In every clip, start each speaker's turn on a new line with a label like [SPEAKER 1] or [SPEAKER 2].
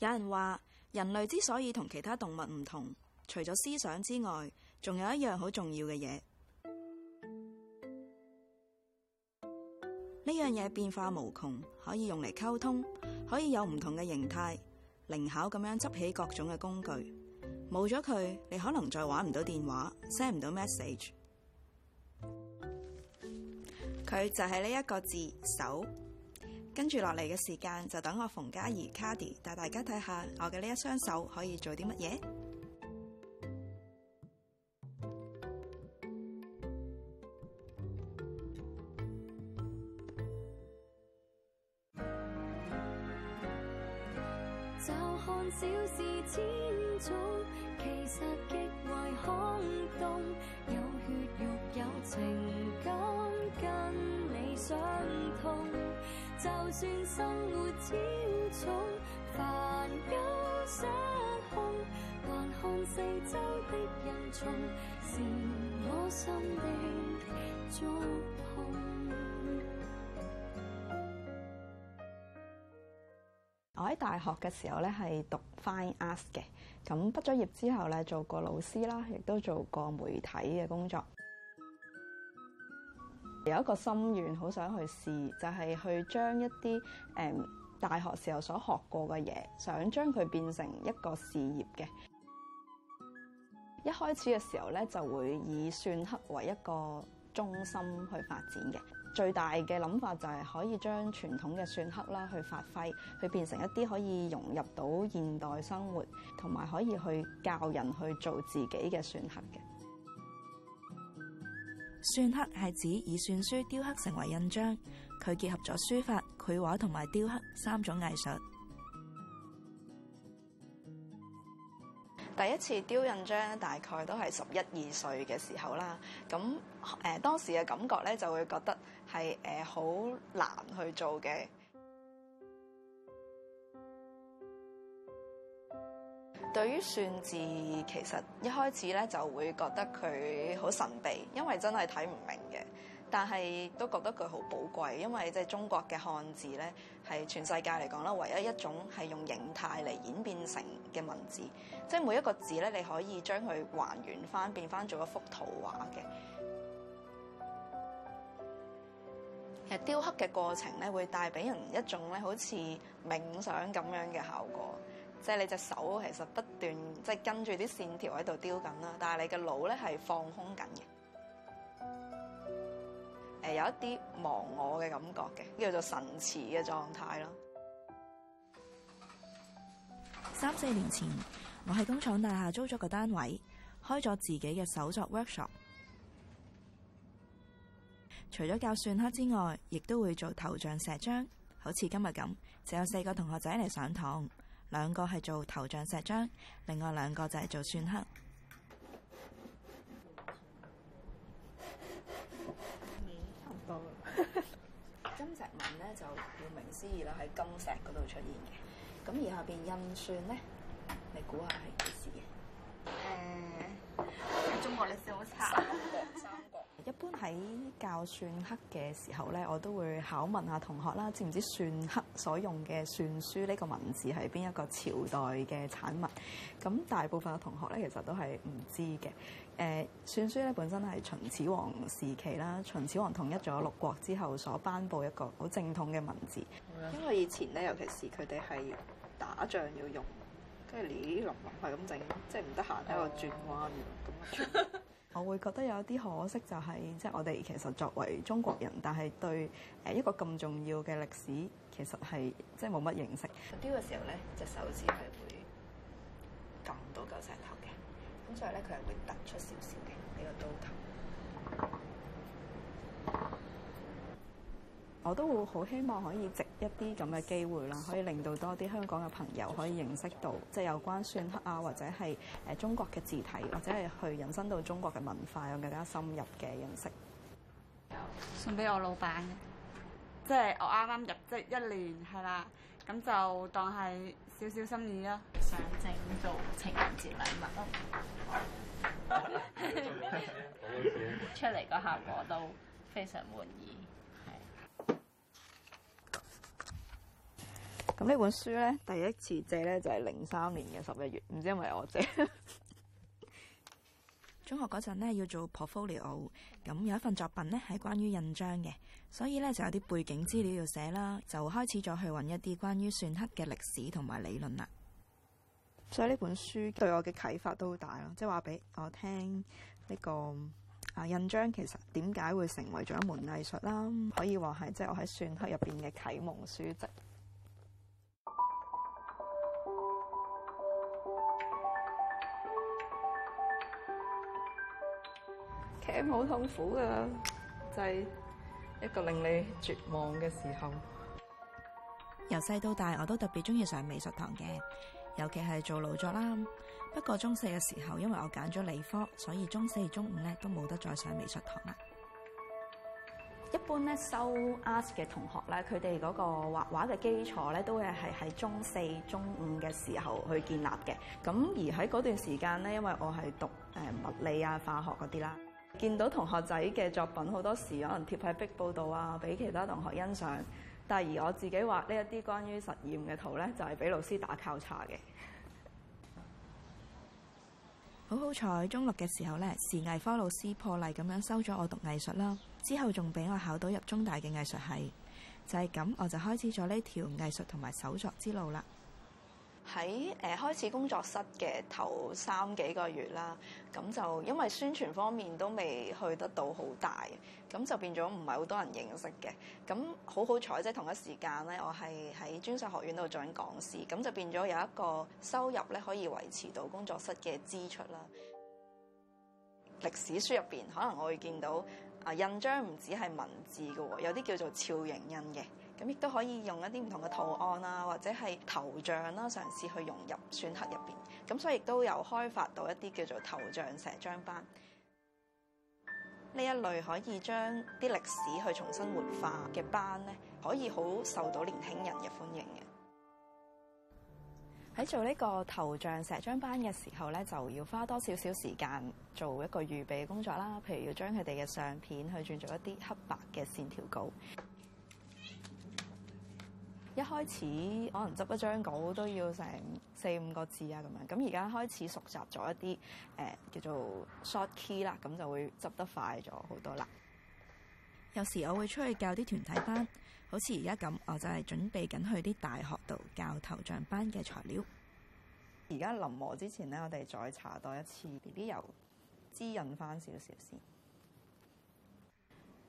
[SPEAKER 1] 有人話人類之所以同其他動物唔同，除咗思想之外，仲有一樣好重要嘅嘢。呢 樣嘢變化無窮，可以用嚟溝通，可以有唔同嘅形態，靈巧咁樣執起各種嘅工具。冇咗佢，你可能再玩唔到電話，send 唔到 message。佢就係呢一個字，手。跟住落嚟嘅時間，就等我馮嘉儀 Kady 帶大家睇下我嘅呢一雙手可以做啲乜嘢。就看小事千其實極為空洞，有血肉有情感，跟你相通。就算生活超重，煩憂失控，還看四周的人叢，是我心的觸碰。喺大學嘅時候咧，係讀 fine arts 嘅，咁畢咗業之後咧，做過老師啦，亦都做過媒體嘅工作。 有一個心願，好想去試，就係、是、去將一啲誒、嗯、大學時候所學過嘅嘢，想將佢變成一個事業嘅。 一開始嘅時候咧，就會以篆刻為一個中心去發展嘅。最大嘅諗法就係可以將傳統嘅篆刻啦去發揮，去變成一啲可以融入到現代生活，同埋可以去教人去做自己嘅篆刻嘅。篆刻係指以篆書雕刻成為印章，佢結合咗書法、繪畫同埋雕刻三種藝術。第一次雕印章大概都係十一二歲嘅時候啦。咁誒、呃、當時嘅感覺咧，就會覺得係誒好難去做嘅。 對於篆字，其實一開始咧就會覺得佢好神秘，因為真係睇唔明嘅。但係都覺得佢好寶貴，因為即係中國嘅漢字咧，係全世界嚟講咧，唯一一種係用形態嚟演變成嘅文字。即係每一個字咧，你可以將佢還原翻，變翻做一幅圖畫嘅。其實 雕刻嘅過程咧，會帶俾人一種咧，好似冥想咁樣嘅效果。即係你隻手其實不斷即係跟住啲線條喺度雕緊啦，但係你嘅腦咧係放空緊嘅。有一啲忘我嘅感覺嘅，叫做神馳嘅狀態咯。三四年前，我喺工廠大廈租咗個單位，開咗自己嘅手作 workshop。除咗教篆刻之外，亦都會做頭像石章，好似今日咁，就有四個同學仔嚟上堂，兩個係做頭像石章，另外兩個就係做篆刻。咧就顧名思義啦，喺金石嗰度出現嘅。咁而下邊印算咧，你估下係幾時嘅？誒、呃，中國歷史好差。 喺教篆刻嘅時候咧，我都會考問下同學啦，知唔知篆刻所用嘅篆書呢個文字係邊一個朝代嘅產物？咁大部分嘅同學咧，其實都係唔知嘅。誒，篆書咧本身係秦始皇時期啦，秦始皇統一咗六國之後所頒布一個好正統嘅文字，因為以前咧，尤其是佢哋係打仗要用，跟住亂隆隆係咁整，即係唔得閒喺度轉彎咁我會覺得有一啲可惜，就係，就係即係我哋其實作為中國人，但係對誒一個咁重要嘅歷史，其實係即係冇乜認識。雕嘅時候咧，隻手指係會撳到嚿石頭嘅，咁所以咧佢係會突出少少嘅呢個刀頭。我都會好希望可以藉一啲咁嘅機會啦，可以令到多啲香港嘅朋友可以認識到即係有關篆刻啊，或者係誒中國嘅字體，或者係去引申到中國嘅文化有更加深入嘅認識。送俾我老闆，即係我啱啱入職一年，係啦，咁就當係少少心意啦，想整做做情人節禮物。出嚟個效果都非常滿意。呢本書咧，第一次借咧就係零三年嘅十一月，唔知係咪我借 中學嗰陣咧要做 portfolio，咁有一份作品咧係關於印章嘅，所以咧就有啲背景資料要寫啦，就開始咗去揾一啲關於篆刻嘅歷史同埋理論啦。所以呢本書對我嘅啟發都好大咯，即係話俾我聽呢、這個啊印章其實點解會成為咗一門藝術啦。可以話係即係我喺篆刻入邊嘅啟蒙書籍。好痛苦噶，就係、是、一個令你絕望嘅時候。由細到大，我都特別中意上美術堂嘅，尤其係做老作啦。不過中四嘅時候，因為我揀咗理科，所以中四、中五咧都冇得再上美術堂啦。一般咧，修 Art 嘅同學咧，佢哋嗰個畫畫嘅基礎咧，都係係喺中四、中五嘅時候去建立嘅。咁而喺嗰段時間咧，因為我係讀誒、呃、物理啊、化學嗰啲啦。見到同學仔嘅作品，好多時可能貼喺壁報度啊，俾其他同學欣賞。但而我自己畫呢一啲關於實驗嘅圖呢，就係俾老師打交叉嘅。好好彩，中六嘅時候呢，視藝科老師破例咁樣收咗我讀藝術啦。之後仲俾我考到入中大嘅藝術系，就係咁，我就開始咗呢條藝術同埋手作之路啦。喺誒、呃、開始工作室嘅頭三幾個月啦，咁就因為宣傳方面都未去得到好大，咁就變咗唔係好多人認識嘅。咁好好彩，即係同一時間咧，我係喺專上學院度做緊講師，咁就變咗有一個收入咧，可以維持到工作室嘅支出啦。 歷史書入邊，可能我會見到啊印章唔止係文字嘅喎，有啲叫做肖形印嘅。咁亦都可以用一啲唔同嘅圖案啊，或者係頭像啦、啊，嘗試去融入篆刻入邊。咁所以亦都有開發到一啲叫做頭像石章班呢一類可以將啲歷史去重新活化嘅班咧，可以好受到年輕人嘅歡迎嘅。喺做呢個頭像石章班嘅時候咧，就要花多少少時間做一個預備工作啦。譬如要將佢哋嘅相片去轉做一啲黑白嘅線條稿。一開始可能執一張稿都要成四五個字啊，咁樣，咁而家開始熟習咗一啲誒、呃、叫做 short key 啦，咁就會執得快咗好多啦。有時我會出去教啲團體班，好似而家咁，我就係準備緊去啲大學度教頭像班嘅材料。而家臨磨之前咧，我哋再搽多一次 B B 油滋潤返少少先。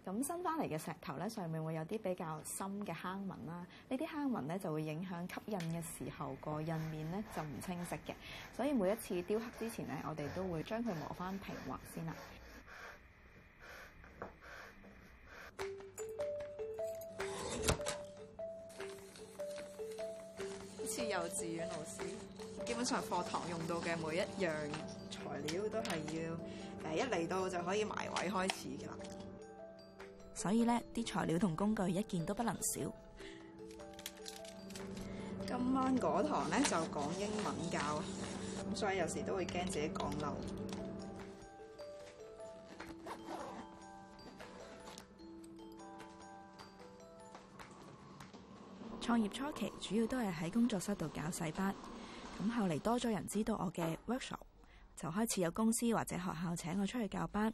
[SPEAKER 1] 咁新翻嚟嘅石頭咧，上面會有啲比較深嘅坑紋啦。呢啲坑紋咧就會影響吸印嘅時候，個印面咧就唔清晰嘅，所以每一次雕刻之前咧，我哋都會將佢磨翻平滑先啦。好似幼稚園老師，基本上課堂用到嘅每一樣材料都係要誒一嚟到就可以埋位開始㗎喇。所以呢啲材料同工具一件都不能少。今晚嗰堂呢就講英文教，咁所以有時都會驚自己講漏。創業初期主要都係喺工作室度搞細班，咁後嚟多咗人知道我嘅 workshop，就開始有公司或者學校請我出去教班。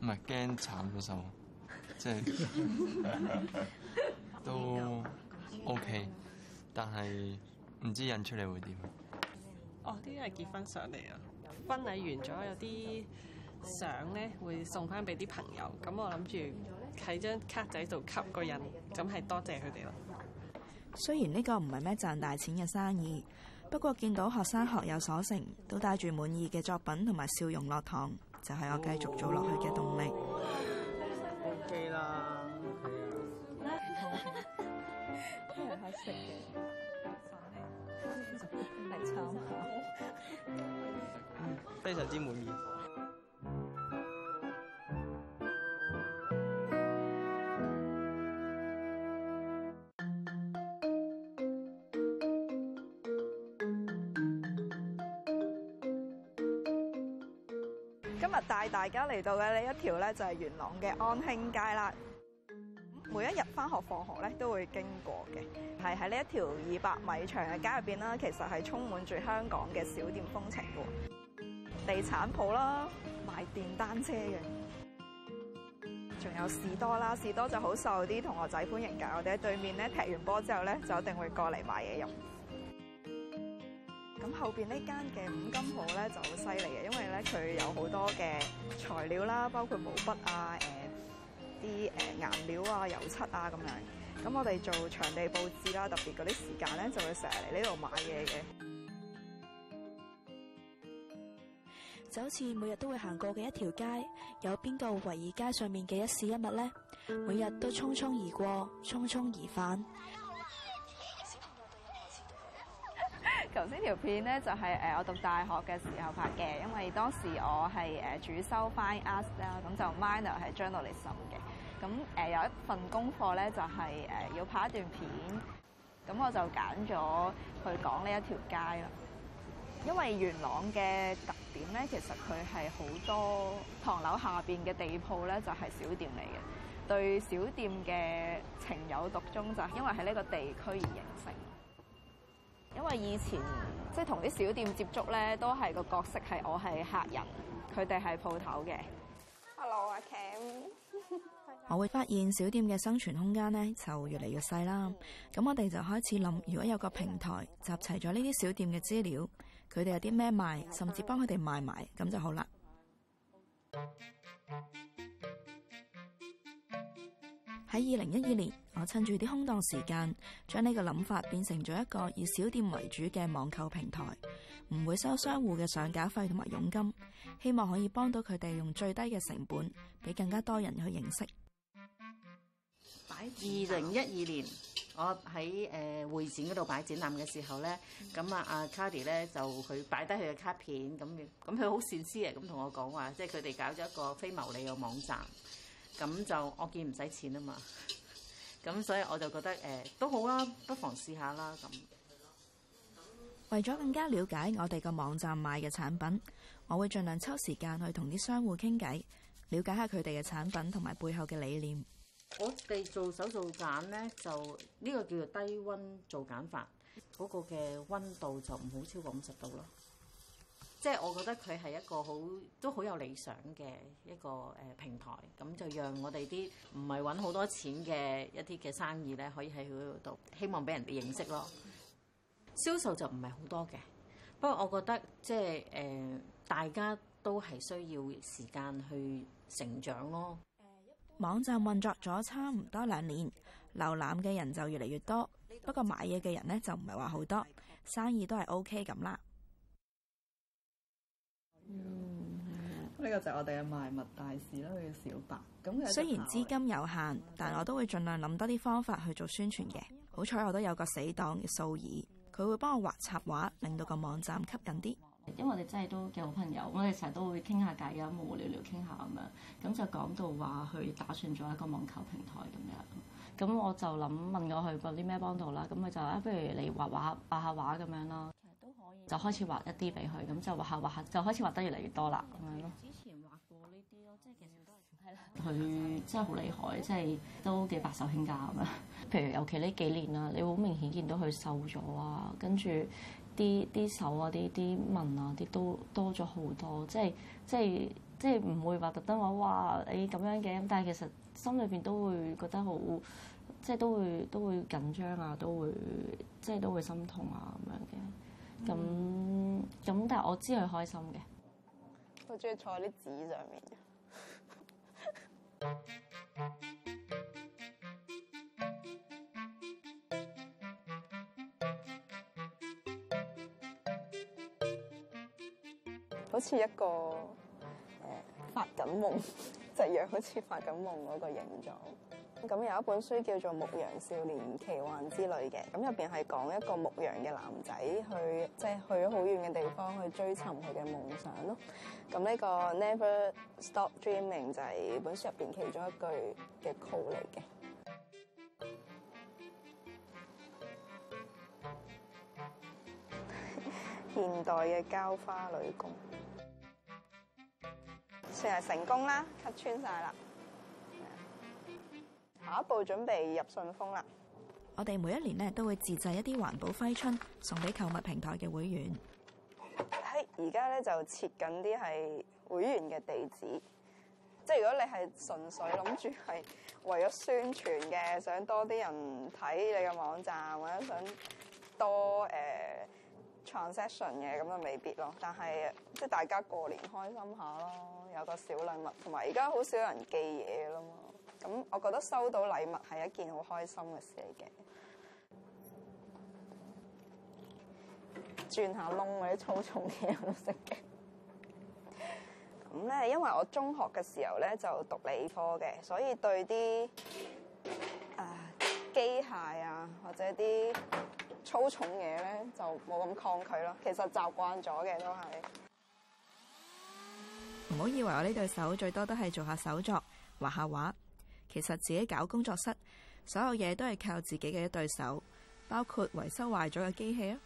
[SPEAKER 1] 唔係驚慘過手，即係 都 OK，但係唔知印出嚟會點？哦，呢啲係結婚相嚟啊！婚禮完咗，有啲相咧會送翻俾啲朋友，咁我諗住喺張卡仔度吸個印，咁係多謝佢哋啦。雖然呢個唔係咩賺大錢嘅生意，不過見到學生學有所成，都帶住滿意嘅作品同埋笑容落堂。就係我繼續做落去嘅動力。嗯。OK 啦，非常之滿意。今日帶大家嚟到嘅呢一條咧就係元朗嘅安興街啦。每一日翻學放學咧都會經過嘅，係喺呢一條二百米長嘅街入邊啦，其實係充滿住香港嘅小店風情嘅。地產鋪啦，賣電單車嘅，仲有士多啦。士多就好受啲同學仔歡迎噶，我哋喺對面咧踢完波之後咧就一定會過嚟買嘢飲。咁後邊呢間嘅五金鋪咧就好犀利。佢有好多嘅材料啦，包括毛筆啊、誒啲誒顏料啊、油漆啊咁樣。咁、嗯嗯、我哋做場地佈置啦，啊，特別嗰啲時間咧，就會成日嚟呢度買嘢嘅。就好似每日都會行過嘅一條街，有邊個維爾街上面嘅一事一物咧？每日都匆匆而過，匆匆而返。頭先條片咧就係誒我讀大學嘅時候拍嘅，因為當時我係誒主修 fine arts 啦，咁就 minor 係 journalism 嘅。咁誒有一份功課咧就係誒要拍一段片，咁我就揀咗去講呢一條街啦。因為元朗嘅特點咧，其實佢係好多唐樓下邊嘅地鋪咧，就係小店嚟嘅。對小店嘅情有獨鍾，就因為喺呢個地區而形成。因為以前即係同啲小店接觸呢，都係個角色係我係客人，佢哋係鋪頭嘅。Hello，阿 Ken。我會發現小店嘅生存空間呢，就越嚟越細啦。咁我哋就開始諗，如果有個平台集齊咗呢啲小店嘅資料，佢哋有啲咩賣，甚至幫佢哋賣埋，咁就好啦。 喺二零一二年，我趁住啲空檔時間，將呢個諗法變成咗一個以小店為主嘅網購平台，唔會收商戶嘅上架費同埋佣金，希望可以幫到佢哋用最低嘅成本，俾更加多人去認識。喺二零一二年，我喺誒會展嗰度擺展覽嘅時候咧，咁啊阿 Kady 咧就佢擺低佢嘅卡片，咁咁佢好善思啊，咁同我講話，即係佢哋搞咗一個非牟利嘅網站。咁就我見唔使錢啊嘛，咁所以我就覺得誒、呃、都好啦，不妨試下啦咁。為咗更加了解我哋個網站買嘅產品，我會盡量抽時間去同啲商戶傾偈，了解下佢哋嘅產品同埋背後嘅理念。我哋做手造梘呢，就呢、呢個叫做低溫做梘法，嗰、嗰個嘅溫度就唔好超過五十度咯。即係我覺得佢係一個好都好有理想嘅一個誒平台，咁就讓我哋啲唔係揾好多錢嘅一啲嘅生意咧，可以喺佢嗰度希望俾人哋認識咯。銷售就唔係好多嘅，不過我覺得即係誒，大家都係需要時間去成長咯。網站運作咗差唔多兩年，瀏覽嘅人就越嚟越多，不過買嘢嘅人咧就唔係話好多，生意都係 OK 咁啦。呢個就係我哋嘅賣物大使啦，佢嘅小白。咁雖然資金有限，但我都會盡量諗多啲方法去做宣傳嘅。好彩我都有個死黨嘅素爾，佢會幫我畫插畫，令到個網站吸引啲。因為我哋真係都幾好朋友，我哋成日都會傾下偈，咁無聊聊傾下咁樣，咁就講到話去打算做一個網購平台咁樣。咁我就諗問我佢有啲咩幫到啦，咁佢就話：不如你畫畫畫下畫咁樣咯。就開始畫一啲俾佢，咁就畫下畫下，就開始畫得越嚟越多啦，咁樣咯。之前畫過呢啲咯，即係其實都係。佢 真係好厲害，即係都幾白手興家咁樣。 譬如尤其呢幾年啦，你好明顯見到佢瘦咗啊，跟住啲啲手啊、啲啲紋啊、啲都多咗好多，即係即係即係唔會話特登話哇你咁樣嘅，但係其實心裏邊都會覺得好，即係都會都會緊張啊，都會即係都會心痛啊咁樣嘅。咁咁、嗯，但係我知佢開心嘅。我中意坐喺啲紙上面， 好似一個誒、呃、發緊夢。隻樣好似發緊夢嗰個形狀，咁有一本書叫做《牧羊少年奇幻之旅》嘅，咁入邊係講一個牧羊嘅男仔去，即係去好遠嘅地方去追尋佢嘅夢想咯。咁呢個 Never Stop Dreaming 就係本書入邊其中一句嘅 call 嚟嘅。 現代嘅膠花女工。算係成功啦，cut 穿晒啦。下一步準備入信封啦。我哋每一年咧都會自製一啲環保揮春，送俾購物平台嘅會員。喺而家咧就設緊啲係會員嘅地址，即係如果你係純粹諗住係為咗宣傳嘅，想多啲人睇你嘅網站或者想多誒 transaction 嘅，咁、呃、就未必咯。但係即係大家過年開心下咯。有個小禮物，同埋而家好少人寄嘢啦嘛，咁我覺得收到禮物係一件好開心嘅事嚟嘅。轉 下窿嗰啲粗重嘢都識嘅，咁 咧，因為我中學嘅時候咧就讀理科嘅，所以對啲誒機械啊，或者啲粗重嘢咧就冇咁抗拒咯。其實習慣咗嘅都係。唔好以為我呢對手最多都係做下手作，畫下畫，其實自己搞工作室，所有嘢都係靠自己嘅一對手，包括維修壞咗嘅機器啊！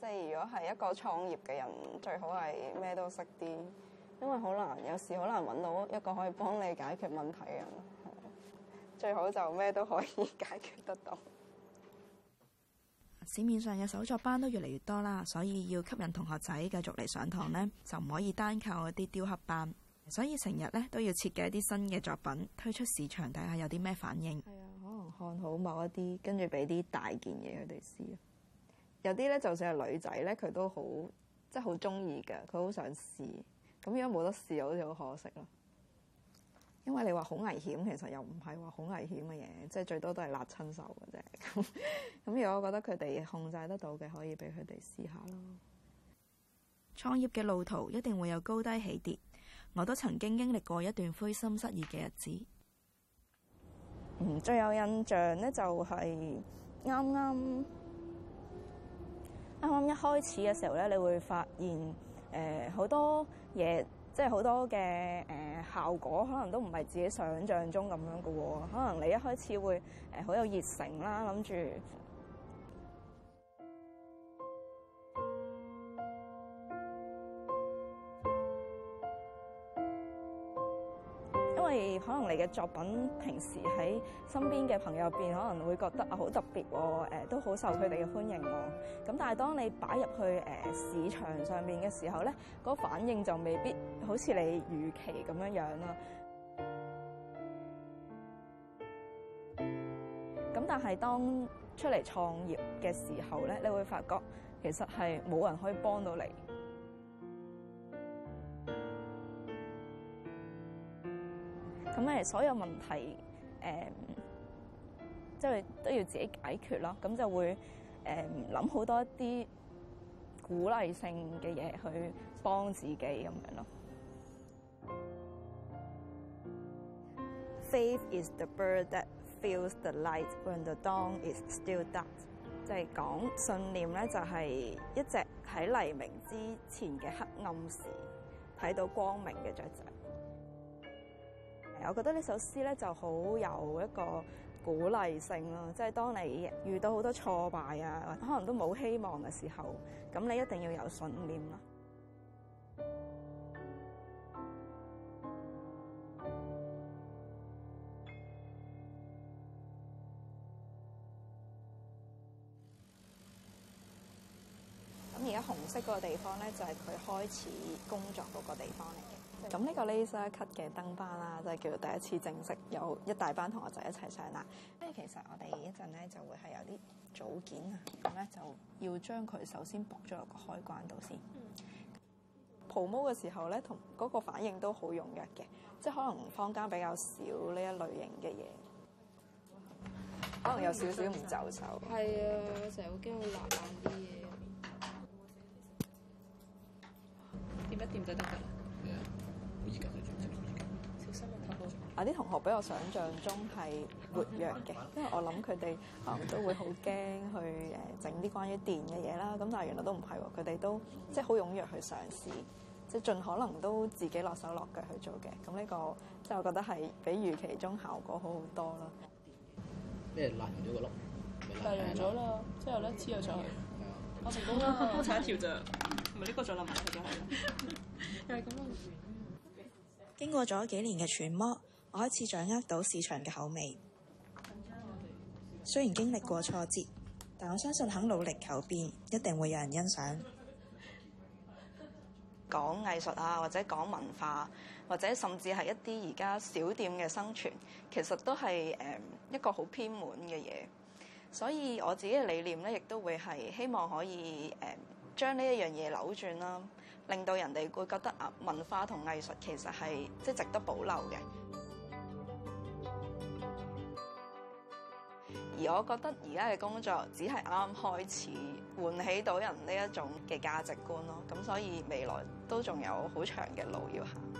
[SPEAKER 1] 即係如果係一個創業嘅人，最好係咩都識啲，因為好難，有時好難揾到一個可以幫你解決問題嘅人，最好就咩都可以解決得到。市面上嘅手作班都越嚟越多啦，所以要吸引同學仔繼續嚟上堂呢，就唔可以單靠一啲雕刻班。所以成日呢都要設計一啲新嘅作品推出市場，睇下有啲咩反應。係啊，可能看好某一啲，跟住俾啲大件嘢佢哋試。有啲呢就算係女仔呢，佢都好即係好中意㗎，佢好想試。咁如果冇得試，好似好可惜咯。因為你話好危險，其實又唔係話好危險嘅嘢，即係最多都係辣親手嘅啫。咁 如果我覺得佢哋控制得到嘅，可以俾佢哋試下咯。創業嘅路途一定會有高低起跌，我都曾經經歷過一段灰心失意嘅日子。嗯，最有印象呢，就係啱啱啱啱一開始嘅時候呢，你會發現誒好、呃、多嘢。即係好多嘅誒、呃、效果，可能都唔係自己想象中咁樣嘅喎、哦。可能你一開始會誒好、呃、有熱誠啦，諗住。嘅作品，平時喺身邊嘅朋友邊可能會覺得啊好特別，誒都好受佢哋嘅歡迎喎。咁但係當你擺入去誒市場上面嘅時候咧，嗰個反應就未必好似你預期咁樣樣啦。咁但係當出嚟創業嘅時候咧，你會發覺其實，係冇人可以幫到你。咁咧，所有問題誒，即、嗯、係、就是、都要自己解決咯。咁就會誒，諗、嗯、好多一啲鼓勵性嘅嘢去幫自己咁樣咯。Faith is the bird that feels the light when the dawn is still dark，即係講信念咧，就係一隻喺黎明之前嘅黑暗時睇到光明嘅雀仔。我覺得呢首詩咧就好有一個鼓勵性咯，即係當你遇到好多挫敗啊，可能都冇希望嘅時候，咁你一定要有信念咯。咁而家紅色個地方咧，就係佢開始工作個地方嚟嘅。咁呢個 laser cut 嘅燈班啦、啊，即、就、係、是、叫做第一次正式有一大班同學仔一齊上啦。咁其實我哋一陣咧就會係有啲組件啊，咁咧就要將佢首先駁咗落個開關度先。蒲毛嘅時候咧，同嗰個反應都好踴躍嘅，即係可能坊間比較少呢一類型嘅嘢，嗯、可能有少少唔就手。係、嗯、啊，成日好驚會爛啲嘢。掂一掂就得㗎啦。啊！啲 同學比我想像中係活躍嘅，因為我諗佢哋都會好驚去誒整啲關於電嘅嘢啦。咁但係原來都唔係喎，佢哋都即係好踴躍去嘗試，即係盡可能都自己落手落腳去做嘅。咁、這、呢個即係我覺得係比預期中效果好好多啦。咩？爛咗個轆？爛咗啦，之、嗯、後咧黐咗上去，我成功啦，多長一條咋？唔係呢個再諗下先。 經過咗幾年嘅揣摩，我開始掌握到市場嘅口味。雖然經歷過挫折，但我相信肯努力求變，一定會有人欣賞。講藝術啊，或者講文化，或者甚至係一啲而家小店嘅生存，其實都係誒一個好偏門嘅嘢。所以我自己嘅理念咧，亦都會係希望可以誒將呢一樣嘢扭轉啦。令到人哋會覺得啊，文化同藝術其實係即係值得保留嘅。而我覺得而家嘅工作只係啱啱開始喚起到人呢一種嘅價值觀咯。咁所以未來都仲有好長嘅路要行。